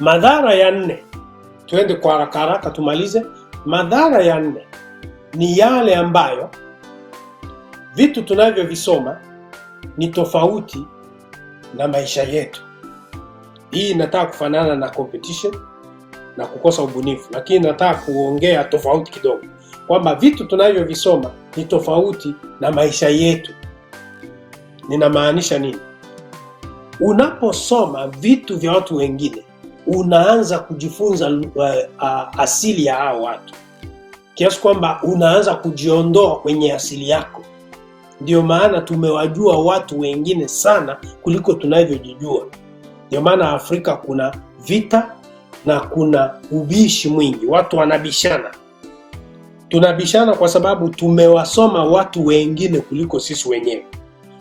Madhara ya nne, tuende kwa haraka haraka tumalize. Madhara ya nne ni yale ambayo vitu tunavyovisoma ni tofauti na maisha yetu. Hii inataka kufanana na competition na kukosa ubunifu, lakini nataka kuongea tofauti kidogo, kwamba vitu tunavyovisoma ni tofauti na maisha yetu. Ninamaanisha nini? Unaposoma vitu vya watu wengine unaanza kujifunza uh, uh, asili ya hao watu kiasi kwamba unaanza kujiondoa kwenye asili yako. Ndio maana tumewajua watu wengine sana kuliko tunavyojijua. Ndio maana Afrika kuna vita na kuna ubishi mwingi, watu wanabishana. Tunabishana kwa sababu tumewasoma watu wengine kuliko sisi wenyewe.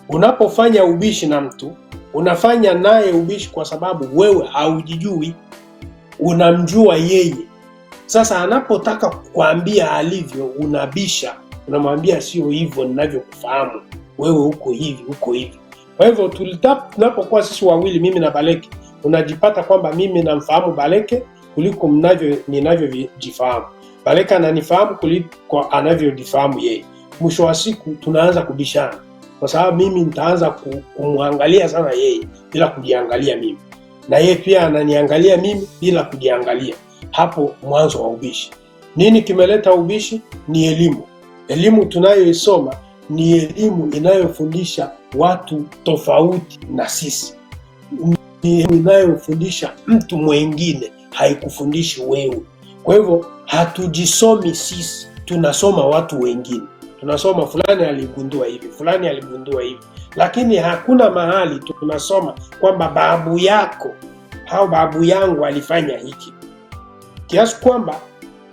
Unapofanya ubishi na mtu Unafanya naye ubishi kwa sababu wewe haujijui, unamjua yeye. Sasa anapotaka kukwambia alivyo, unabisha, unamwambia sio hivyo ninavyokufahamu wewe, huko hivi huko hivi. Kwa hivyo tunapokuwa sisi wawili, mimi na Baleke, unajipata kwamba mimi namfahamu Baleke kuliko mnavyo ninavyojifahamu Baleke ananifahamu kuliko anavyojifahamu yeye. Mwisho wa siku tunaanza kubishana kwa sababu mimi nitaanza kumwangalia sana yeye bila kujiangalia mimi, na yeye pia ananiangalia mimi bila kujiangalia. Hapo mwanzo wa ubishi. Nini kimeleta ubishi? Ni elimu. Elimu tunayoisoma ni elimu inayofundisha watu tofauti na sisi, ni elimu inayofundisha mtu mwingine, haikufundishi wewe. Kwa hivyo hatujisomi sisi, tunasoma watu wengine tunasoma fulani aligundua hivi, fulani aligundua hivi, lakini hakuna mahali tunasoma kwamba babu yako au babu yangu alifanya hiki, kiasi kwamba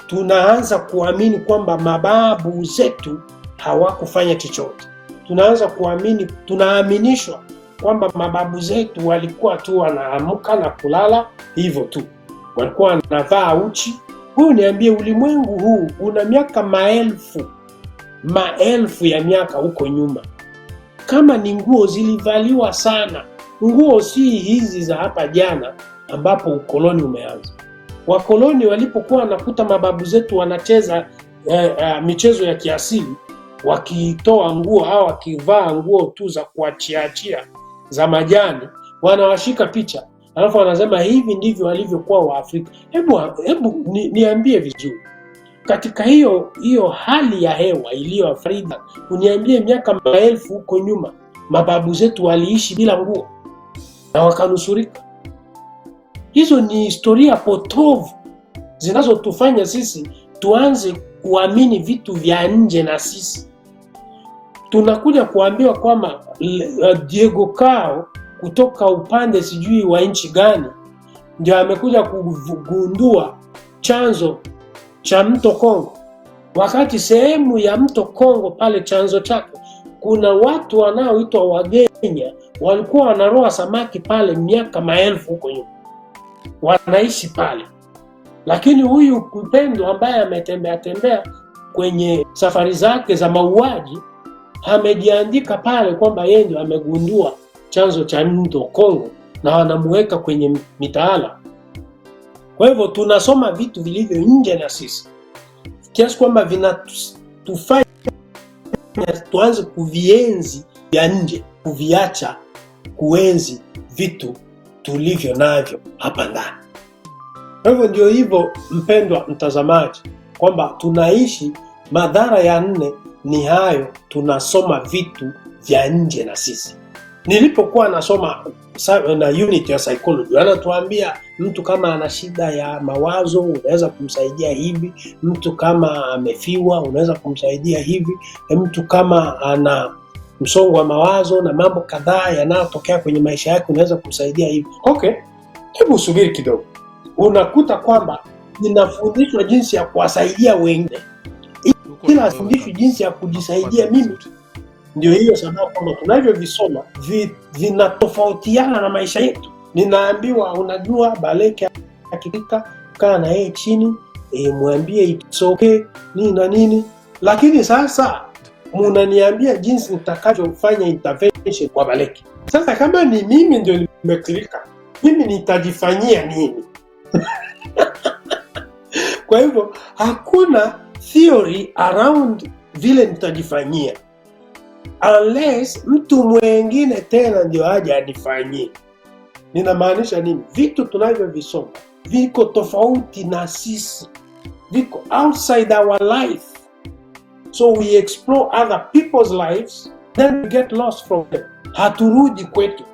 tunaanza kuamini kwamba mababu zetu hawakufanya chochote. Tunaanza kuamini, tunaaminishwa kwamba mababu zetu walikuwa tu wanaamka na kulala hivyo tu, walikuwa wanavaa uchi. Huyu niambie, ulimwengu huu una miaka maelfu maelfu ya miaka huko nyuma. Kama ni nguo zilivaliwa sana, nguo si hizi za hapa jana ambapo ukoloni umeanza. Wakoloni walipokuwa wanakuta mababu zetu wanacheza eh, eh, michezo ya kiasili, wakitoa nguo au wakivaa nguo tu za kuachiachia za majani, wanawashika picha, alafu wanasema hivi ndivyo walivyokuwa Waafrika. Hebu hebu niambie vizuri katika hiyo hiyo hali ya hewa iliyo Afrika, uniambie miaka maelfu huko nyuma, mababu zetu waliishi bila nguo na wakanusurika. Hizo ni historia potovu zinazotufanya sisi tuanze kuamini vitu vya nje, na sisi tunakuja kuambiwa kwamba eh, eh, Diego Cao kutoka upande sijui wa nchi gani ndio amekuja kugundua chanzo cha mto Kongo, wakati sehemu ya mto Kongo pale chanzo chake kuna watu wanaoitwa Wagenya walikuwa wanaroa samaki pale miaka maelfu huko nyuma, wanaishi pale. Lakini huyu Mpendo ambaye ametembea tembea kwenye safari zake za mauaji amejiandika pale kwamba yeye ndio amegundua chanzo cha mto Kongo na wanamuweka kwenye mitaala kwa hivyo tunasoma vitu vilivyo nje na sisi kiasi kwamba vinatufanya tuanze kuvienzi vya nje, kuviacha kuenzi vitu tulivyo navyo hapa ndani. Kwa hivyo ndio hivyo, mpendwa mtazamaji, kwamba tunaishi. Madhara ya nne ni hayo, tunasoma vitu vya nje na sisi. Nilipokuwa nasoma na unit ya psychology wanatuambia mtu kama ana shida ya mawazo unaweza kumsaidia hivi, mtu kama amefiwa unaweza kumsaidia hivi, mtu kama ana msongo wa mawazo na mambo kadhaa yanayotokea kwenye maisha yake unaweza kumsaidia hivi. Okay, hebu subiri kidogo. Unakuta kwamba ninafundishwa jinsi ya kuwasaidia wengine, ila fundishwi jinsi ya kujisaidia mimi. Ndio hiyo sababu kwamba tunavyovisoma vinatofautiana vi na maisha yetu. Ninaambiwa unajua, Baleke akifika kaa na yeye chini e, mwambie it's nini na nini, lakini sasa munaniambia jinsi nitakavyofanya intervention kwa Baleke. Sasa kama ni mimi ndio nimekirika, mimi nitajifanyia nini? Kwa hivyo hakuna theory around vile nitajifanyia unless mtu mwengine tena ndio aje anifanyie. Ninamaanisha nini? Vitu tunavyovisoma viko tofauti na sisi, viko outside our life, so we explore other people's lives then we get lost from them, haturudi kwetu.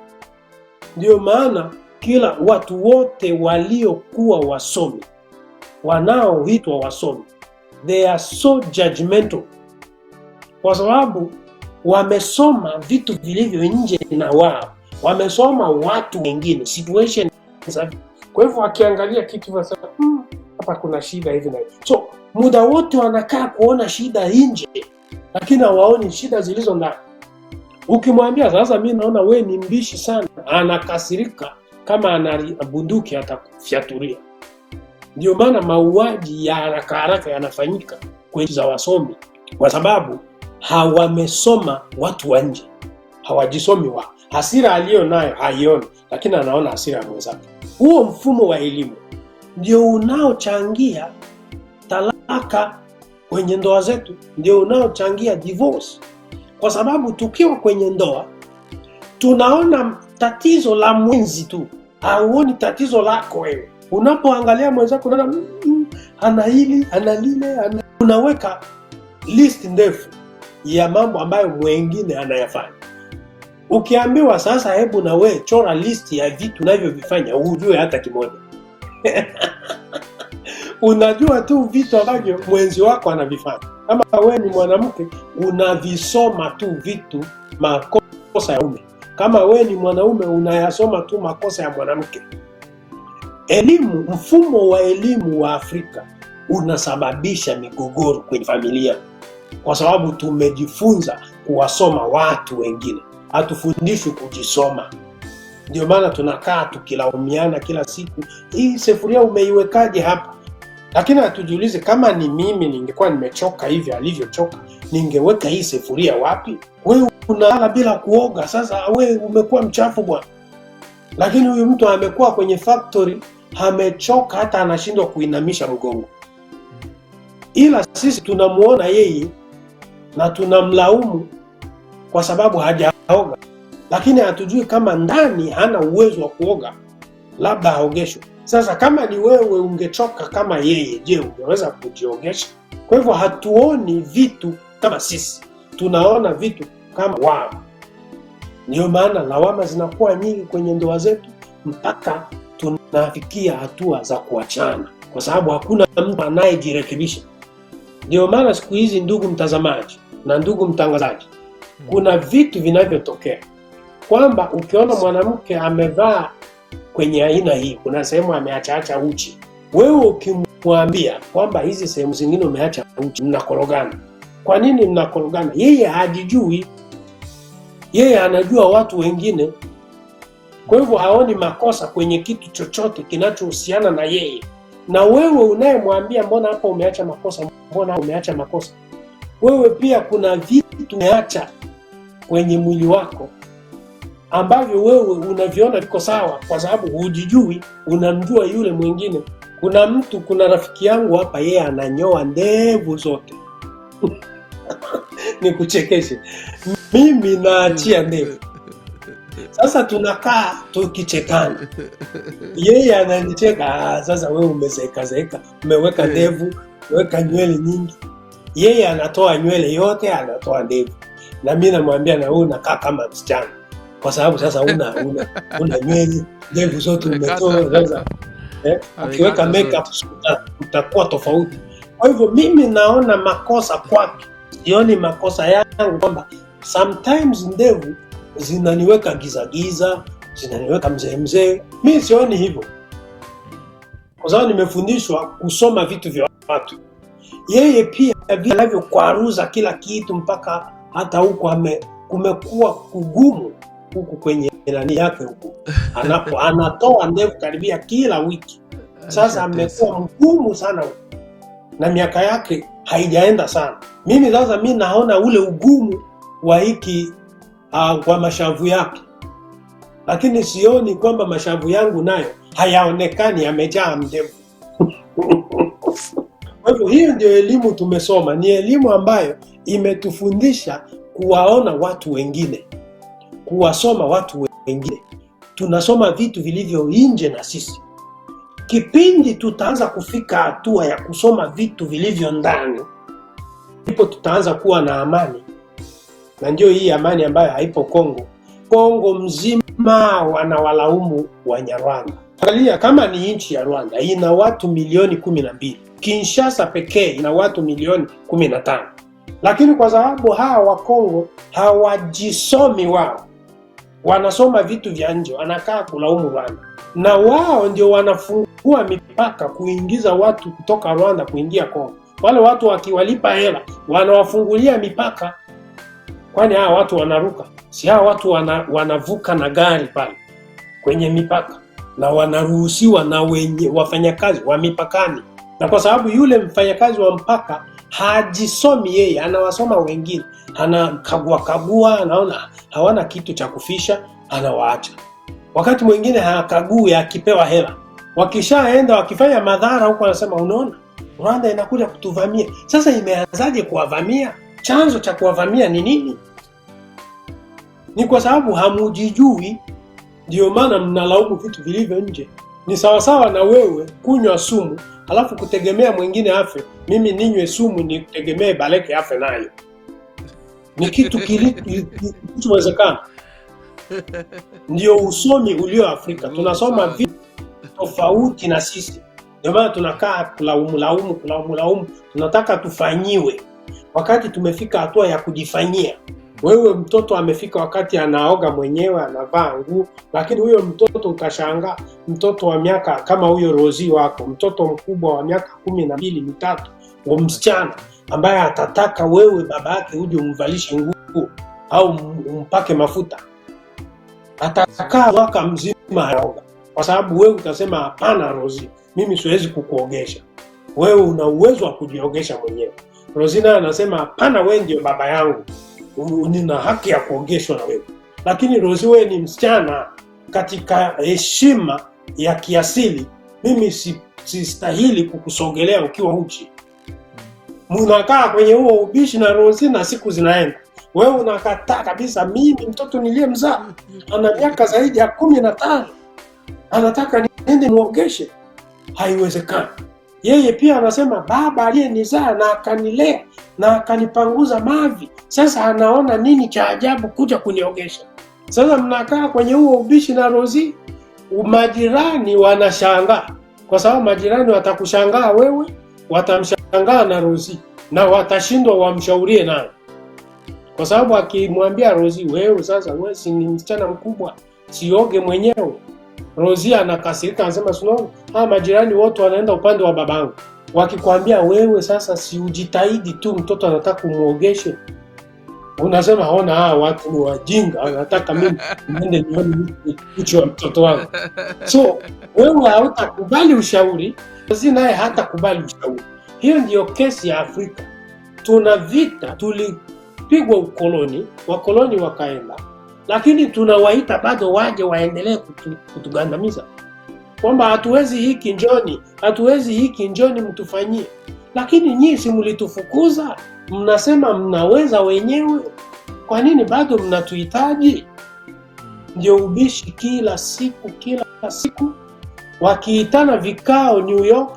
ndio maana kila watu wote waliokuwa wasomi wanaoitwa wasomi they are so judgmental, kwa sababu wamesoma vitu vilivyo nje na wao, wamesoma watu wengine situation. Kwa hivyo akiangalia kitu wasema hmm, hapa kuna shida hivi na hivi. So muda wote wanakaa kuona shida nje, lakini hawaoni shida zilizo ndani. Ukimwambia sasa, mi naona we ni mbishi sana, anakasirika. Kama ana bunduki atakufyatulia. Ndio maana mauaji ya haraka haraka yanafanyika kwenye za wasomi kwa sababu hawamesoma watu wa nje, hawajisomi wao. Hasira aliyo nayo haioni, lakini anaona hasira ya mwenzake. Huo mfumo wa elimu ndio unaochangia talaka kwenye ndoa zetu, ndio unaochangia divorce, kwa sababu tukiwa kwenye ndoa tunaona tatizo la mwenzi tu, hauoni tatizo lako wewe. Unapoangalia mwenzako unaona mm, mm ana hili ana lile ana... unaweka list ndefu ya mambo ambayo mwengine anayafanya. Ukiambiwa sasa, hebu na we chora listi ya vitu unavyovifanya, hujue hata kimoja unajua tu vitu ambavyo mwenzi wako anavifanya. Kama we ni mwanamke, unavisoma tu vitu makosa ya ume. Kama we ni mwanaume, unayasoma tu makosa ya mwanamke. Elimu, mfumo wa elimu wa Afrika unasababisha migogoro kwenye familia kwa sababu tumejifunza kuwasoma watu wengine, hatufundishwi kujisoma. Ndio maana tunakaa tukilaumiana kila siku, hii sefuria umeiwekaje hapa? Lakini hatujiulize, kama ni mimi ningekuwa nimechoka hivi alivyochoka, ningeweka hii sefuria wapi? Wewe unalala bila kuoga, sasa wewe umekuwa mchafu bwana. Lakini huyu mtu amekuwa kwenye factory, amechoka hata anashindwa kuinamisha mgongo ila sisi tunamwona yeye na tunamlaumu kwa sababu hajaoga, lakini hatujui kama ndani hana uwezo wa kuoga, labda haogeshwe. Sasa kama ni wewe ungechoka kama yeye, je, ungeweza kujiogesha? Kwa hivyo hatuoni vitu kama sisi, tunaona vitu kama wao. Ndiyo maana lawama zinakuwa nyingi kwenye ndoa zetu mpaka tunafikia hatua za kuachana, kwa sababu hakuna mtu anayejirekebisha. Ndio maana siku hizi, ndugu mtazamaji na ndugu mtangazaji, hmm. kuna vitu vinavyotokea kwamba ukiona mwanamke amevaa kwenye aina hii, kuna sehemu ameachaacha uchi, wewe ukimwambia kwamba hizi sehemu zingine umeacha uchi, mnakorogana. Kwa nini mnakorogana? Yeye hajijui, yeye anajua watu wengine, kwa hivyo haoni makosa kwenye kitu chochote kinachohusiana na yeye. Na wewe unayemwambia mbona hapa umeacha makosa mbona umeacha makosa? Wewe pia kuna vitu umeacha kwenye mwili wako ambavyo wewe unaviona viko sawa, kwa sababu hujijui, unamjua yule mwingine. Kuna mtu, kuna rafiki yangu hapa, yeye ananyoa ndevu zote ni kuchekeshe mimi naachia ndevu. Sasa tunakaa tukichekana, yeye ananicheka. Ah, sasa wewe umezeekazeeka, umeweka ndevu weka nywele nyingi, yeye anatoa nywele yote, anatoa ndevu, na mi namwambia, na wewe unakaa kama msichana, kwa sababu sasa una una, una nywele ndevu zote umetoa sasa eh, ukiweka makeup utakuwa tofauti. Kwa hivyo mimi naona makosa kwake, sioni makosa yangu kwamba sometimes ndevu zinaniweka gizagiza, zinaniweka mzee mzee. Mi sioni hivyo, kwa sababu nimefundishwa kusoma vitu vya watu. Yeye pia vile anavyokwaruza kila kitu, mpaka hata huku kumekuwa kugumu huku kwenye nani yake huku anapo anatoa ndevu karibia kila wiki. Sasa amekuwa mgumu sana na miaka yake haijaenda sana. Mimi sasa mi naona ule ugumu wa hiki uh, mashavu yake, lakini sioni kwamba mashavu yangu nayo hayaonekani yamejaa mdevu Kwa hivyo hiyo ndio elimu tumesoma, ni elimu ambayo imetufundisha kuwaona watu wengine, kuwasoma watu wengine. Tunasoma vitu vilivyo nje na sisi. Kipindi tutaanza kufika hatua ya kusoma vitu vilivyo ndani, ndipo tutaanza kuwa na amani, na ndio hii amani ambayo haipo Kongo. Kongo mzima wanawalaumu Wanyarwanda. Angalia, kama ni nchi ya Rwanda ina watu milioni kumi na mbili Kinshasa pekee ina watu milioni 15, lakini kwa sababu hawa Wakongo hawajisomi wao, wanasoma vitu vya nje, wanakaa kulaumu Rwanda, na wao ndio wanafungua mipaka kuingiza watu kutoka Rwanda kuingia Kongo. Wale watu wakiwalipa hela wanawafungulia mipaka, kwani hawa watu wanaruka, si hawa watu wana, wanavuka na gari pale kwenye mipaka na wanaruhusiwa na wenye wafanyakazi wa mipakani na kwa sababu yule mfanyakazi wa mpaka hajisomi yeye, anawasoma wengine, anakagua kagua, anaona hawana kitu cha kufisha, anawaacha. Wakati mwingine hakagui, akipewa hela, wakishaenda wakifanya madhara huko, anasema unaona, Rwanda inakuja kutuvamia. Sasa imeanzaje kuwavamia? Chanzo cha kuwavamia ni nini? Ni kwa sababu hamujijui, ndio maana mnalaumu vitu vilivyo nje. Ni sawasawa na wewe kunywa sumu alafu kutegemea mwingine afe. Mimi ninywe sumu nitegemee Baleke afe nayo, ni kitu kilichowezekana. Ndio usomi ulio Afrika, tunasoma vitu tofauti na sisi. Ndio maana tunakaa kulaumulaumu kulaumulaumu, tunataka tufanyiwe, wakati tumefika hatua ya kujifanyia. Wewe mtoto amefika wakati anaoga mwenyewe, anavaa nguo, lakini huyo mtoto utashanga mtoto wa miaka kama huyo Rozi wako, mtoto mkubwa wa miaka kumi na mbili mitatu, wa msichana ambaye atataka wewe baba yake huja umvalishe nguo au umpake mafuta, atakaa mwaka mzima anaoga, kwa sababu wewe utasema hapana, Rozi, mimi siwezi kukuogesha wewe, una uwezo wa kujiogesha mwenyewe. Rosina anasema hapana, wee ndio baba yangu nina haki ya kuogeshwa na wewe. Lakini Rozi, wewe ni msichana, katika heshima ya kiasili mimi sistahili si kukusogelea ukiwa uchi. Munakaa kwenye huo ubishi na Rozi na siku zinaenda, wewe unakataa kabisa. Mimi mtoto niliye mzaa ana miaka zaidi ya kumi na tano anataka niende muogeshe, haiwezekani yeye pia anasema baba aliyenizaa na akanilea na akanipanguza mavi, sasa anaona nini cha ajabu kuja kuniogesha? Sasa mnakaa kwenye huo ubishi na Rozi, majirani wanashangaa, kwa sababu majirani watakushangaa wewe, watamshangaa na Rozi na watashindwa wamshaurie nayo kwa sababu akimwambia Rozi, wewe sasa, wewe si ni msichana mkubwa, sioge mwenyewe Rozi anakasirika, anasema sio, ah, majirani wote wanaenda upande wa babangu. Wakikwambia wewe sasa, si ujitahidi tu, mtoto anataka kumwogeshe, unasema ona, ah, watu ni wajinga, wanataka mimi niende nione uchi wa mtoto wangu. So wewe hautakubali ushauri, Rozi naye hatakubali ushauri. Hiyo ndiyo kesi ya Afrika. Tuna vita, tulipigwa ukoloni, wakoloni wakaenda lakini tunawaita bado waje waendelee kutu, kutugandamiza kwamba hatuwezi hiki njoni, hatuwezi hiki njoni mtufanyie. Lakini nyinyi si mlitufukuza? Mnasema mnaweza wenyewe, kwa nini bado mnatuhitaji? Ndio ubishi kila siku kila siku, wakiitana vikao New York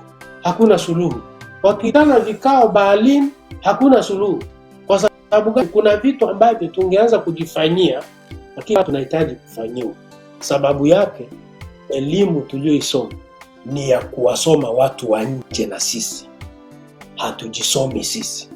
hakuna suluhu, wakiitana vikao Berlin hakuna suluhu. Kwa sababu gani? Kuna vitu ambavyo tungeanza kujifanyia lakini tunahitaji kufanyiwa. Sababu yake elimu tuliyoisoma ni ya kuwasoma watu wa nje, na sisi hatujisomi sisi.